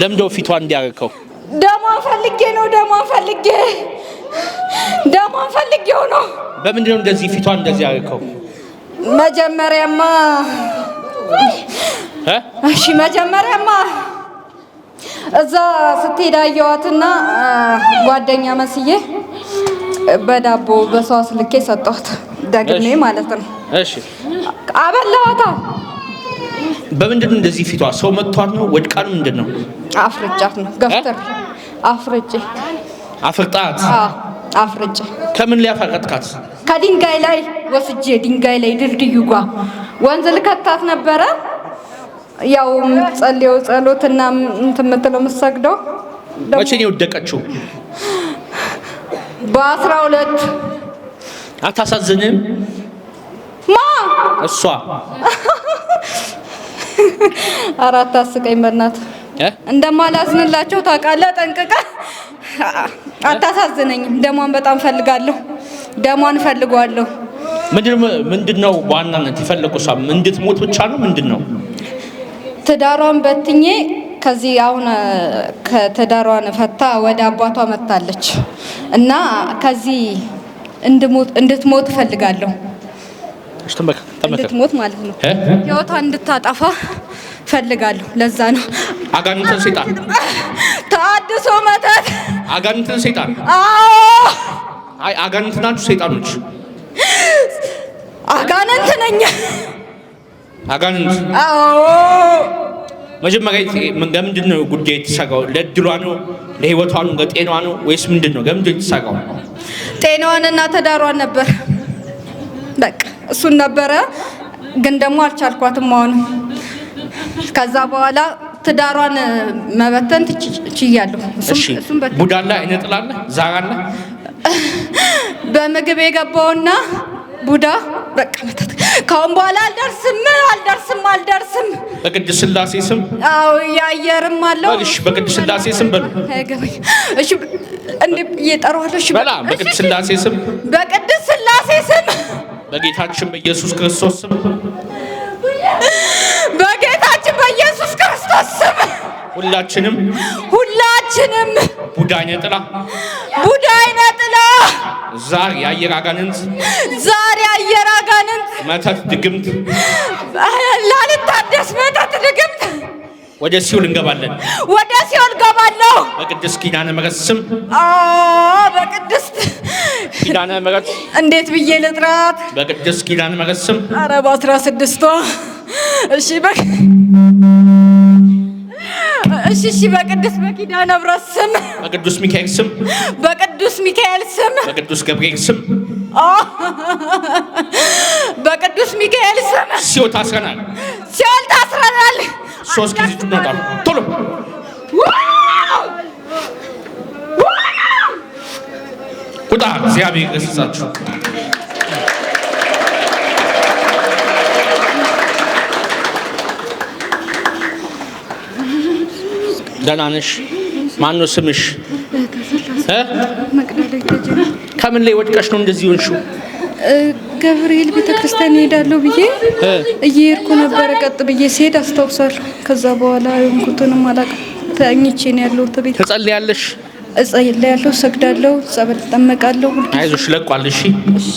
ለምንድነው ፊቷ እንዲያረከው? ደሞ ፈልጌ ነው። ደሞ ፈልጌ ደሞ ፈልጌው ነው። በምንድነው እንደዚህ ፊቷ እንደዚህ ያረከው? መጀመሪያማ እሺ፣ መጀመሪያማ እዛ ስትሄድ አየኋትና ጓደኛ መስዬ በዳቦ በሰዋስ ልኬ ሰጠኋት። ደግሜ ማለት ነው። እሺ፣ አበላኋታል በምንድን እንደዚህ ፊቷ ሰው መጥቷት ነው? ወድቃ ነው? ምንድን ነው? አፍርጫት ነው። ገፍተር አፍርጬ አፍርጣት አፍርጬ። ከምን ላይ ከድንጋይ ላይ ወስጄ ድንጋይ ላይ ድልድዩ ጓ ወንዝ ልከታት ነበረ። ያው የምትጸልየው ጸሎትና እንትን የምትለው የምትሰግደው መቼ ነው የወደቀችው? በአስራ ሁለት አታሳዝንም? ማ እሷ አራት አስቀኝ በእናት እንደማላዝንላቸው ታውቃለህ ጠንቅቃ። አታሳዝነኝም። ደሟን በጣም ፈልጋለሁ። ደሟን ፈልጓለሁ። ምንድን ነው በዋናነት የፈለጉ ሳ እንድትሞት ብቻ ነው? ምንድን ነው ትዳሯን በትኜ ከዚህ አሁን ከትዳሯን ፈታ ወደ አባቷ መታለች እና ከዚህ እንድትሞት እፈልጋለሁ። እንድትሞት ማለት ነው ህይወቷን እንድታጠፋ ፈልጋለሁ። ለዛ ነው አጋንንትን ሴጣን ታድሶ መተት አጋንንትን ሴጣን አይ አጋንንት ናችሁ ሴጣኖች አጋንንት ነኝ አጋንንት አዎ መጀመሪያ ከምንድን ነው ጉዳይ የተሰጋው? ለድሏ ነው ለህይወቷ ነው ለጤናዋ ነው ወይስ ምንድን ነው? ከምንድን የተሰጋው? ጤናዋንና ተዳሯን ነበር። በቃ እሱን ነበረ፣ ግን ደግሞ አልቻልኳትም አሁን ከዛ በኋላ ትዳሯን መበተን ትችያለሁ። ቡዳላ አይነ ዛራለ በምግብ የገባውና ቡዳ በቃ መታት። ካሁን በኋላ አልደርስም አልደርስም አልደርስም። በቅድስ ስላሴ ስም አዎ፣ ያየርም አለው። እሺ፣ በቅድስ ስላሴ ስም በሉ። እሺ፣ እንዴ እየጠራዋለሁ። እሺ፣ በላ በቅድስ ስላሴ ስም በቅድስ ስላሴ ስም በጌታችን በኢየሱስ ክርስቶስ ስም ክርስቶስ ሁላችንም ሁላችንም ቡዳይ ጥላ ቡዳይ ነጥላ ዛሬ የአየር አጋንንት ዛር የአየር አጋንንት መተት ድግምት ላልታደስ መተት ድግምት ወደ ሲኦል እንገባለን። ወደ ሲኦል ገባለሁ። በቅድስት ኪዳነ ምሕረት ስም በቅድስት ኪዳነ ምሕረት እንዴት ብዬ ልጥራት? በቅድስት ኪዳነ ምሕረት ስም አረ በአስራ ስድስቷ እሺ በ እሺ፣ እሺ። በቅዱስ በኪዳነ ምህረት ስም፣ በቅዱስ ሚካኤል ስም፣ በቅዱስ ሚካኤል ስም፣ በቅዱስ ገብርኤል ስም፣ በቅዱስ ሚካኤል ስም ሲኦል ታስረናል፣ ሲኦል ታስረናል። ሶስት ጊዜ ጩኸት ቶሎ ቁጣ እግዚአብሔር ገሰጻችሁ። ደህና ነሽ? ማነው ስምሽ? ከምን ላይ ወድቀሽ ነው እንደዚህ ሆንሽው? ገብርኤል ቤተ ክርስቲያን እሄዳለሁ ብዬ እየሄድኩ ነበረ። ቀጥ ብዬ ስሄድ አስታውሳል። ከዛ በኋላ የሆንኩትንም አላውቅም። ተኝቼ ነው ያለሁት። ቤት ትጸልያለሽ? እጸልያለሁ፣ ሰግዳለሁ፣ ጸበል እጠመቃለሁ። አይዞሽ፣ ለቋል። እሺ፣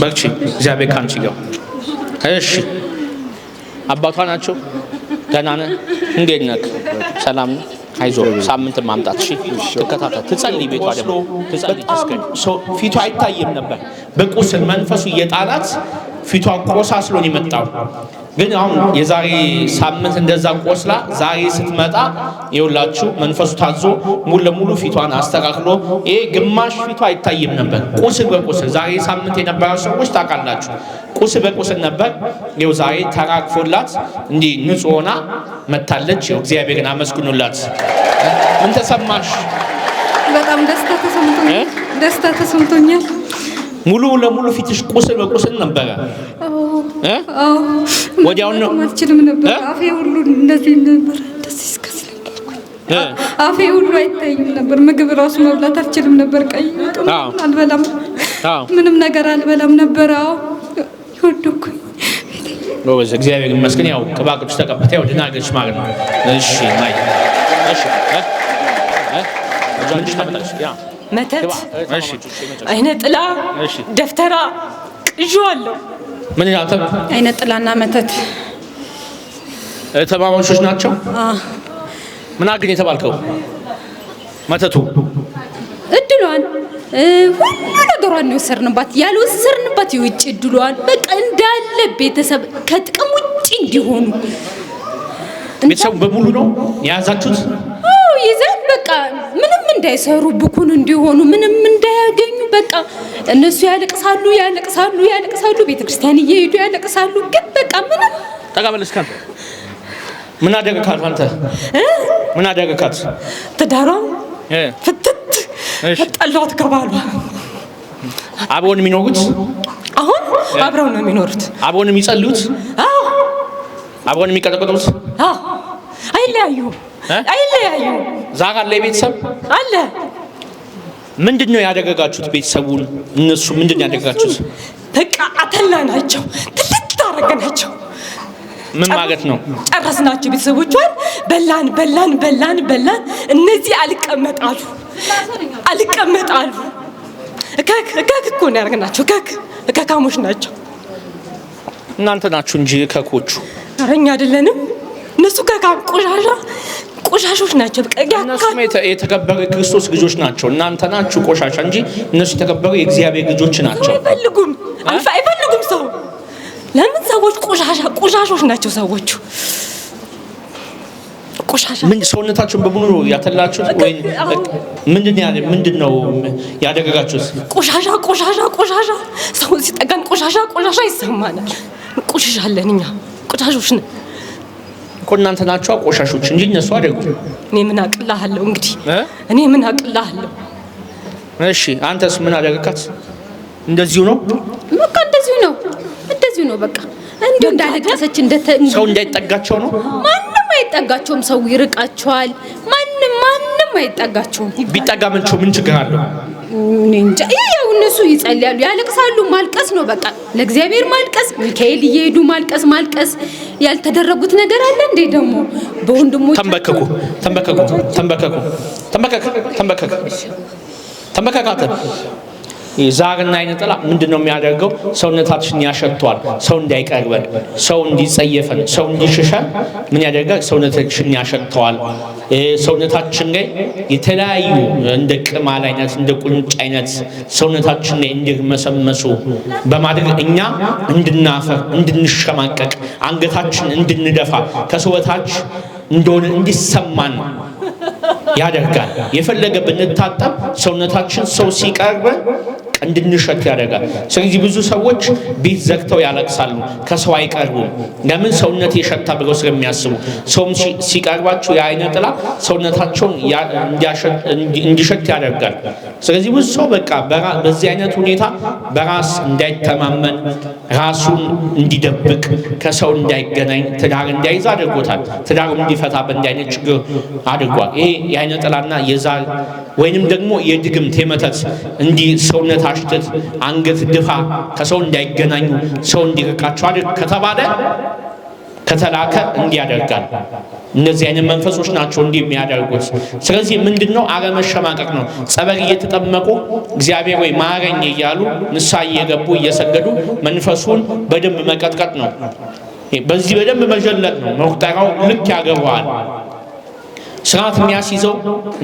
በርቺ። እግዚአብሔር ካንቺ ጋር። እሺ፣ አባቷ ናቸው። ደህና ነህ? እንዴት ነህ? ሰላም ነው አይዞ ሳምንት ማምጣት ሺ ትከታተል፣ ትጸልይ፣ ቤቷ ደግሞ ትጸልይ። ፊቷ አይታይም ነበር በቁስል መንፈሱ የጣላት ፊቷ ቆሳስሎን የመጣው ግን አሁን የዛሬ ሳምንት እንደዛ ቆስላ ዛሬ ስትመጣ የውላችሁ መንፈሱ ታዞ ሙሉ ለሙሉ ፊቷን አስተካክሎ ይሄ ግማሽ ፊቷ አይታይም ነበር ቁስል በቁስል ዛሬ ሳምንት የነበራችሁ ሰዎች ታውቃላችሁ ቁስ በቁስል ነበር። ይኸው ዛሬ ተራግፎላት እንዲህ ንጹህ ሆና መታለች። እግዚአብሔርን አመስግኑላት። ምን ተሰማሽ? በጣም ደስታ ተሰምቶኛል። ደስታ ተሰምቶኛል። ሙሉ ለሙሉ ፊትሽ ቁስል በቁስል ነበረ። ወዲያው ነው አልችልም ነበር። አፌ ሁሉ እንደዚህ ነበር። አፌ ሁሉ አይታይም ነበር። ምግብ ራሱ መብላት አልችልም ነበር። ቀይ አልበላም፣ ምንም ነገር አልበላም ነበር። አዎ ወደኩኝ። ጎበዝ እግዚአብሔር ይመስገን። ያው ቅባ ቅዱስ ተቀብታ ያው ድናገች ማለት ነው። እሺ ማይ መተት፣ አይነ ጥላ፣ ደፍተራ ቅዥ አለው። ምን ያተብ አይነ ጥላና መተት ተማማቾች ናቸው። ምን አግኝ የተባልከው መተቱ እድሏን ሁሉ ነገሯን ነው የወሰድንባት። ያልወሰድንባት የውጭ እድሏን በቃ እንዳለ ቤተሰብ ከጥቅም ውጭ እንዲሆኑ ቤተሰቡ በሙሉ ነው የያዛችሁት። ይዘን በቃ ምንም እንዳይሰሩ ብኩን እንዲሆኑ ምንም እንዳያገኙ በቃ እነሱ ያለቅሳሉ ያለቅሳሉ ያለቅሳሉ፣ ቤተክርስቲያን እየሄዱ ያለቅሳሉ። ግን በቃ ምንም ጠቃመለስካል ምን አደረካት አንተ? ምን አደረካት ትዳሯ ፍት ጠላሁት ከባሏ። አብረውን የሚኖሩት አሁን አብረው ነው የሚኖሩት። አብረውን የሚጸልዩት አብረውን የሚቀጠቅጡት አይለያዩ አይለያዩ። ዛሬ አለ ቤተሰብ አለ። ምንድን ነው ያደረጋችሁት? ቤተሰቡን እነሱ ምንድን ነው ያደረጋችሁት? በቃ አተላ ናቸው። ትልቅ ታረገ ናቸው። ምን ማለት ነው? ጨረስናቸው። ቤተሰቦቿን በላን በላን በላን በላን። እነዚህ አልቀመጣሉ አልቀመጣሉ። እከክ እከክ እኮ ነው ያደረግናቸው። እከክ እከካሞች ናቸው። እናንተ ናችሁ እንጂ እከኮቹ፣ ኧረ እኛ አይደለንም። እነሱ ከካ ቆሻሻ ቆሻሾች ናቸው። በቃ የተከበረ ክርስቶስ ልጆች ናቸው። እናንተ ናችሁ ቆሻሻ እንጂ እነሱ የተከበሩ የእግዚአብሔር ልጆች ናቸው። አይፈልጉም አይፈልጉም ሰው ለምን ሰዎች ቆሻሻ ቆሻሾች ናቸው ሰዎቹ ቆሻሻ ምን ሰውነታችሁን በሙሉ ያተላችሁት ወይ ምንድን ያለ ምንድን ነው ያደረጋችሁት? ቆሻሻ ቆሻሻ ቆሻሻ ሰው ሲጠጋን ቆሻሻ ቆሻሻ ይሰማናል። ቆሻሻለን እኛ ቆሻሾች ነን እኮ እናንተ ናችሁ ቆሻሾች እንጂ እነሱ አደጉ። እኔ ምን አቅላለሁ? እንግዲህ እኔ ምን አቅላለሁ? እሺ አንተስ ምን አደረካት? እንደዚሁ ነው በቃ እንደዚሁ ነው እንደዚሁ ነው በቃ እንዲሁ እንዳለቀሰች ሰው እንዳይጠጋቸው ነው ማን አይጠጋቸውም። ሰው ይርቃቸዋል። ማንም ማንም አይጠጋቸውም። ቢጠጋ ምን ችግር አለው? እንጃ ያው እነሱ ይጸልያሉ፣ ያለቅሳሉ። ማልቀስ ነው በቃ ለእግዚአብሔር ማልቀስ፣ ሚካኤል እየሄዱ ማልቀስ ማልቀስ። ያልተደረጉት ነገር አለ እንዴ? ደግሞ በወንድሞች ተንበከኩ ተንበከኩ ተንበከኩ ተንበከኩ ተንበከኩ ተንበከካተ ዛርና አይነ ጥላ ምንድን ነው የሚያደርገው? ሰውነታችን ያሸቷል። ሰው እንዳይቀርበን፣ ሰው እንዲጸየፈን፣ ሰው እንዲሽሸን ምን ያደርጋል? ሰውነታችን ያሸተዋል። ሰውነታችን ላይ የተለያዩ እንደ ቅማል አይነት እንደ ቁንጭ አይነት ሰውነታችን ላይ እንዲርመሰመሱ በማድረግ እኛ እንድናፈር፣ እንድንሸማቀቅ፣ አንገታችን እንድንደፋ ከሰውታች እንደሆነ እንዲሰማን ያደርጋል። የፈለገ ብንታጠብ ሰውነታችን ሰው ሲቀርበን እንድንሸት ያደርጋል። ስለዚህ ብዙ ሰዎች ቤት ዘግተው ያለቅሳሉ፣ ከሰው አይቀርቡም። ለምን ሰውነት የሸታ ብለው ስለሚያስቡ። ሰውም ሲቀርባቸው የአይነ ጥላ ሰውነታቸውን እንዲሸት ያደርጋል። ስለዚህ ብዙ ሰው በቃ በዚህ አይነት ሁኔታ በራስ እንዳይተማመን፣ ራሱን እንዲደብቅ፣ ከሰው እንዳይገናኝ፣ ትዳር እንዳይዝ አድርጎታል። ትዳሩ እንዲፈታበት እንዲህ አይነት ችግር አድርጓል። ይሄ የአይነ ጥላና የዛር ወይንም ደግሞ የድግምት የመተት እንዲህ ሰውነት አሽትት፣ አንገት ድፋ፣ ከሰው እንዳይገናኙ ሰው እንዲርቃቸው አድርግ ከተባለ ከተላከ እንዲያደርጋል። እነዚህ አይነት መንፈሶች ናቸው እንዲህ የሚያደርጉት። ስለዚህ ምንድን ነው አለመሸማቀቅ ነው። ጸበል እየተጠመቁ እግዚአብሔር ወይ ማረኝ እያሉ ንሳ እየገቡ እየሰገዱ መንፈሱን በደንብ መቀጥቀጥ ነው። በዚህ በደንብ መጀለጥ ነው። መቁጠሪያው ልክ ያገባዋል። ስርዓት የሚያስይዘው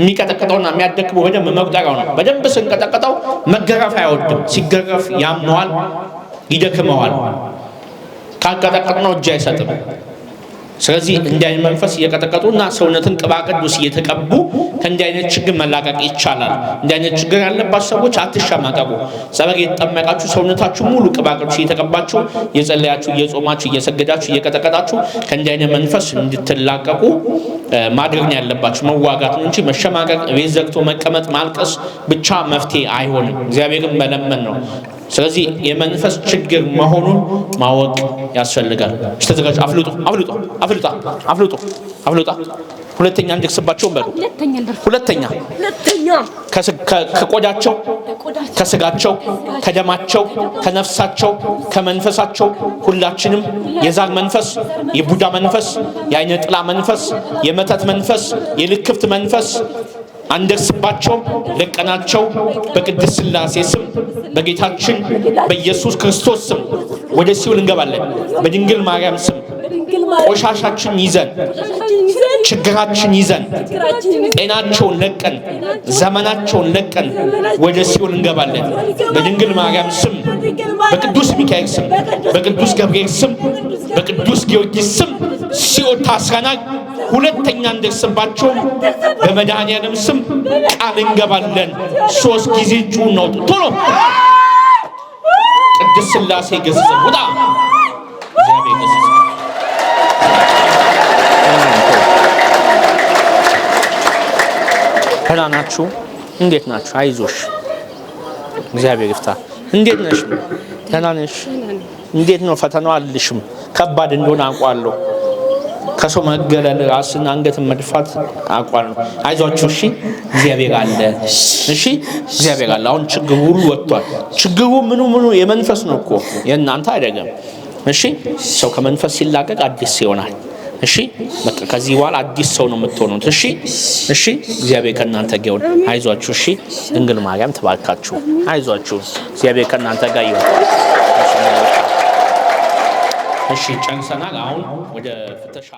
የሚቀጠቅጠውና የሚያደክመው በደንብ መቁጠሪያው ነው። በደንብ ስንቀጠቅጠው መገረፍ አይወድም። ሲገረፍ ያምነዋል ይደክመዋል። ካልቀጠቀጥነው እጅ አይሰጥም። ስለዚህ እንዲህ አይነት መንፈስ እየቀጠቀጡና ሰውነትን ቅባ ቅዱስ እየተቀቡ ከእንዲህ አይነት ችግር መላቀቅ ይቻላል። እንዲህ አይነት ችግር ያለባቸው ሰዎች አትሸማቀቁ። ጸበል የተጠመቃችሁ ሰውነታችሁ ሙሉ ቅባ ቅዱስ እየተቀባችሁ እየጸለያችሁ፣ እየጾማችሁ፣ እየሰገዳችሁ፣ እየቀጠቀጣችሁ ከእንዲህ አይነት መንፈስ እንድትላቀቁ ማድረግ ነው ያለባችሁ። መዋጋት ነው እንጂ መሸማቀቅ፣ ቤት ዘግቶ መቀመጥ፣ ማልቀስ ብቻ መፍትሄ አይሆንም። እግዚአብሔርን መለመን ነው። ስለዚህ የመንፈስ ችግር መሆኑን ማወቅ ያስፈልጋል። ተዘጋጅ። አፍልጡ፣ አፍልጡ፣ አፍልጣ፣ አፍልጡ፣ አፍልጣ። ሁለተኛ እንደርስባቸው በሉ። ሁለተኛ ከቆዳቸው፣ ከስጋቸው፣ ከደማቸው፣ ከነፍሳቸው፣ ከመንፈሳቸው ሁላችንም የዛር መንፈስ፣ የቡዳ መንፈስ፣ የአይነ ጥላ መንፈስ፣ የመተት መንፈስ፣ የልክፍት መንፈስ አንደርስባቸውም ለቀናቸው በቅድስት ሥላሴ ስም በጌታችን በኢየሱስ ክርስቶስ ስም ወደ ሲኦል እንገባለን። በድንግል ማርያም ስም ቆሻሻችን ይዘን ችግራችን ይዘን ጤናቸውን ለቀን ዘመናቸውን ለቀን ወደ ሲኦል እንገባለን። በድንግል ማርያም ስም፣ በቅዱስ ሚካኤል ስም፣ በቅዱስ ገብርኤል ስም፣ በቅዱስ ጊዮርጊስ ስም ሲኦል ታስረናል። ሁለተኛ እንደርስባቸው በመድኃኒዓለም ስም ቃል እንገባለን። ሶስት ጊዜ እጩን ነው ቶሎ ቅድስት ስላሴ ገሰጸ ውጣ ደህና ናችሁ? እንዴት ናችሁ? አይዞሽ፣ እግዚአብሔር ይፍታ። እንዴት ነሽ? ደህና ነሽ? እንዴት ነው? ፈተናው አልልሽም። ከባድ እንደሆነ አውቃለሁ። ከሰው መገለል ራስን አንገትን መድፋት አቋል ነው። አይዟችሁ፣ እሺ እግዚአብሔር አለ። እሺ እግዚአብሔር አለ። አሁን ችግሩ ሁሉ ወጥቷል። ችግሩ ምኑ ምኑ የመንፈስ ነው እኮ የእናንተ አይደለም። እሺ ሰው ከመንፈስ ሲላቀቅ አዲስ ይሆናል። እሺ በቃ ከዚህ በኋላ አዲስ ሰው ነው የምትሆኑት። እሺ እሺ እግዚአብሔር ከእናንተ ጋር ይሁን። አይዟችሁ። እሺ ድንግል ማርያም ተባርካችሁ። አይዟችሁ፣ እግዚአብሔር ከእናንተ ጋር ይሁን። እሺ ጨንሰናል። አሁን ወደ ፍተሻ